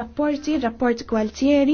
Rapporti, rapporti kwaltieri.